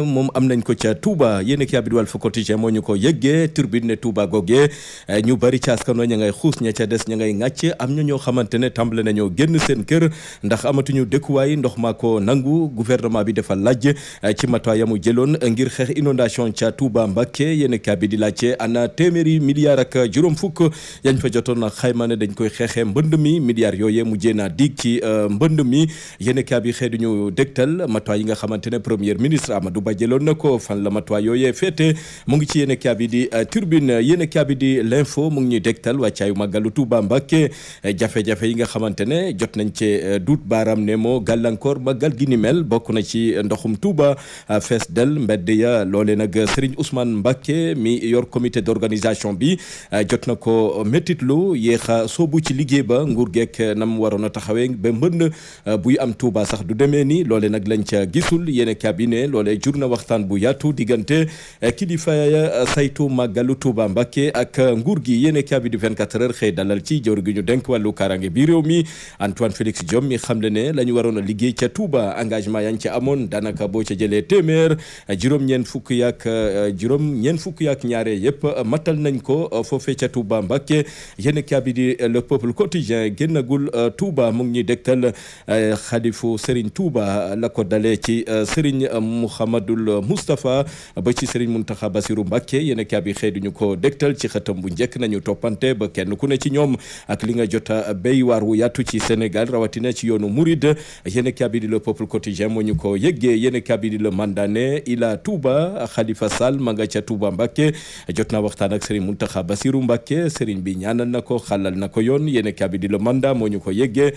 moom am nañ ko ca Touba yéen a kii abid Walf Quotidien moo ñu ko yëggee turbine ne Touba googee eh, ñu bari ci askanoo ña ngay xuus ña ca des ña ngay ŋàcc am na ñoo xamante ne tàmbale nañoo génn seen kër ndax amatuñu dëkkuwaay ndox maa ko nangu gouvernement bi dafa laaj eh, ci matuwaayamu jëloon ngir xeex inondation ca Touba mbakke yéen a bi abid di laajte ana téeméeri milliards ak juróom fukk yañ fa jotoon xayma ne dañ koy xeexee mbënd mi milliards yooyee mujjee naa dig ci eh, mbënd mi yéen a kii abid xëy duñu dégtal matuwaay yi nga xamante ne premier ministre Amadou ba jëloon na ko fan la matuwaay yooyee féete mu ngi ci yéen a kaabi di euh, turbine yéen a kaabi di l'info mu ngi ñuy dégtal wàccaayu màggalu Tuuba Mbàkke euh, jafe-jafe yi nga xamante ne jot nañ cee euh, duut baaraam ne moo gàllankoor màggal gi ni mel bokk na ci ndoxum Tuuba fes del mbedd ya loole nag Serigne Ousmane mbakke mi yor comité d'organisation bi jot na ko métitlu yéexa soobu ci liggéey ba ngur geek nam waroon a taxawee ba mbënn buy am Tuuba sax du demee ni loole nag lañ ca jur na waxtaan bu yaatu diggante eh, kilifa eh, saytu màggalu Touba Mbacké ak eh, nguur gi yéen a bi di 24 heures xëy dalal ci jawr gi ñu denk wàllu kaaraange bi réew mi Antoine Félix Diome mi xamle ne la ñu waroon a liggéey ca Touba engagement yaa ngi ca amoon daanaka boo ca jëlee téeméer juróom-ñeent fukk yaak juróom-ñeent fukk yaak ñaare yëpp matal nañ ko foofee ca Touba Mbacké yéen a bi di le peuple quotidien génnagul Touba mu ngi ñuy dégtal xalifu Serigne Touba la ko dalee ci Serigne Mouhamed Mouhamadul Moustapha ba ci Serigne Mountakha basiru Mbacké yéen kaa bi xëy duñu ko degtal ci xëtam bu njëkk nañu toppante ba kenn ku ne ci ñoom ak li nga jota béy waar wu yaatu ci Sénégal rawatina ci yoonu Mouride yéen kaa bi di le peuple quotidien moo ñu ko yëggee yéen kaa bi di le mandane ila Touba Khalifa Sall ma nga ca Touba Mbacké jot naa waxtaan ak Serigne Mountakha Bassirou Mbacké Serigne bi ñaanal na ko xalal na ko yoon yéen kaa bi di le mandat moo ñu ko yëggee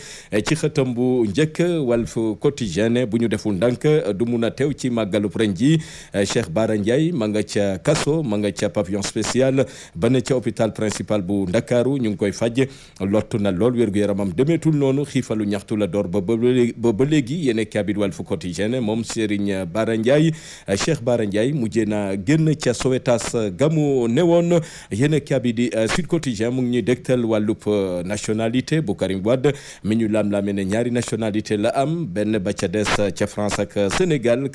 ci xëtam bu njëkk Walf Quotidien bu ñu deful ndànk du mun a teew ci màggal màggalu ren ji euh, Cheikh Bara Ndiaye ma nga ca kaso ma nga ca pavillon spécial ba ne ca hôpital principal bu Ndakaaru ñu ngi koy faj lottu na lool wér gu yaramam demeetul noonu xiifalu ñaxtu la door ba ba léegi yéen a kaabit Walf Quotidien moom Serigne Bara Ndiaye euh, Cheikh Bara Ndiaye mujjee na génn ca Sowetas gamu newoon yéen a kaabit di euh, Sud Quotidien mu ngi ñuy dégtal wàllub nationalité bu Karim Wade mi ñu lam-laame ne ñaari nationalité la am benn ba ca des ca France ak Sénégal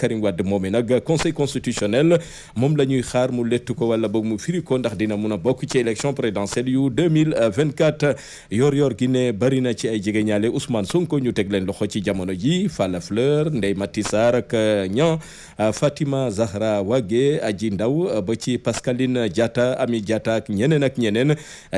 moom nag conseil constitutionnel moom la ñuy xaar mu lettu ko wala boog mu firiko ndax dina mun a bokk ci élection présidentielle yu 2024 yor-yor gi ne bari na ci ay jegeñaale Ousmane Sonko ñu teg leen loxo ci jamono ji Falla Fleur Ndeye Mati Sarr ak ñan euh, euh, Fatima Zahra Wague Aji Ndaw euh, ba ci Pascaline jata Ami Diatta ak ñeneen ak ñeneen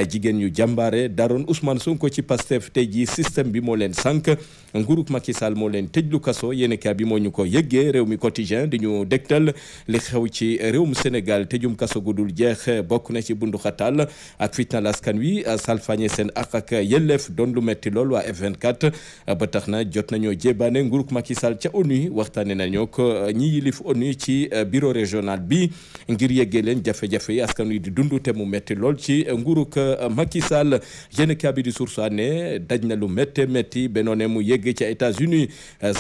jigéen ñu jàmbaare daroon Ousmane Sonko ci Pastef tey jii système bi moo leen sànq nguurug Macky Sall moo leen tëj lu kaso yéen bi moo ñu ko yëggee réew mi quotidien di ñu dégtal li xew ci réew réewum Sénégal jum kaso gu dul jeex bokk na ci bundu xatal ak fitnaal askan wi salfañe seen ak ak yelleef doon lu metti lool waa F24 ba tax na jot nañoo jébaane nguurug Macky Sall ca ONU waxtaane nañoo ko ñi yilif ONU ci bureau régional bi ngir yeggee leen jafe-jafe yi askan wi di dundu te mu metti lool ci nguurug Macky Sall yéen kaabi di source daj na lu métte métti benoone mu yegg ca États-Unis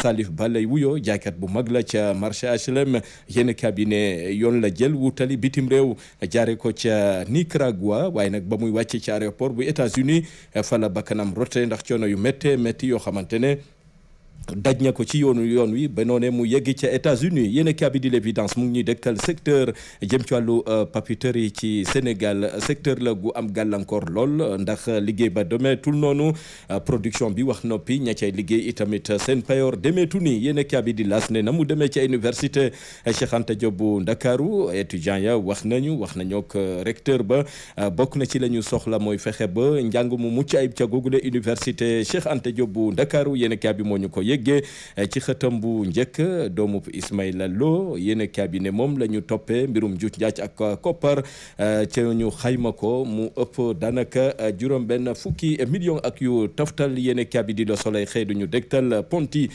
Salif Balay wuyo jaaykat HLM yéen cabinet yoon la jël wutali bitim réew jaare ko ca Nicaragua waaye nag ba muy wàcc ci aéroport bu États-Unis fa la bakkanam rote ndax coono yu métte métti yoo xamante ne daj na ko ci yoonu yoon wi ba noonee mu yegg ca États-Unis yéen a kabi di l'évidence mu ngi ñuy dëkkal secteur jëm ci wàllu euh, papeterie yi ci Sénégal secteur la gu am gàllankoor lool ndax liggéey ba demeetul noonu euh, production bi wax noppi ña cay liggéey itamit seen payoor demeetu ni yéen a kabi di las ne na mu demee ca université Cheikh Anta Diop bu Ndakaaru étudiant ya wax nañu wax nañook ak euh, recteur ba bokk na ci la soxla mooy fexe ba njàng mu mucc ayib ca googule université Cheikh bu Ndakaaru yéen a moo ñu ko yëggee eh, ci xëtam bu njëkk doomu Ismaïla Lo yéen ne moom lañu toppee mbirum njuuj njaaj ak eh, koppar eh, ca ñu xayma ko mu ëpp daanaka juróom benn fukki million ak yu taftal yéen cabinet di Le Soleil xëy duñu dégtal ponti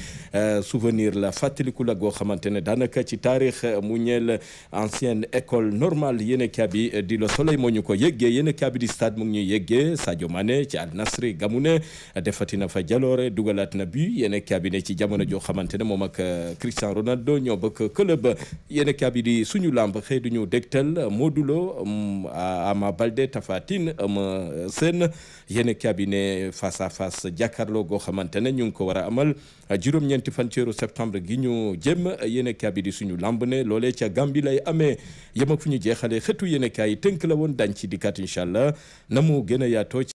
souvenir la fàttaliku la goo xamante ne daanaka ci taarix mu ñeel ancienne école normale yéen cabinet di Le Soleil moo ñu ko yëggee yéen cabinet di stade mu ngi ñuy yëggee Sadio ci Al Nasri gamu ne defatina fa jaloore dugalaat na bi yéen bi ne ci jamono joo xamante ne moom ak euh, Cristiano Ronaldo ñoo bokk club yéen a bi di suñu làmb xëy duñu dégtal Modou Lo mm, Ama Baldé Tapha Tine Eumeu Sène yéen a bi ne face à face jàkkaarloo goo xamante ne ñu ngi ko war a amal juróom-ñeenti fan ci weeru septembre gi ñu jëm yéen a bi di suñu làmb ne loolee ca Gambie lay amee yem fu ñu jeexalee xëtu yéen a yi tënk la woon dañ ci dikkaat incha na mu gën a yaatoo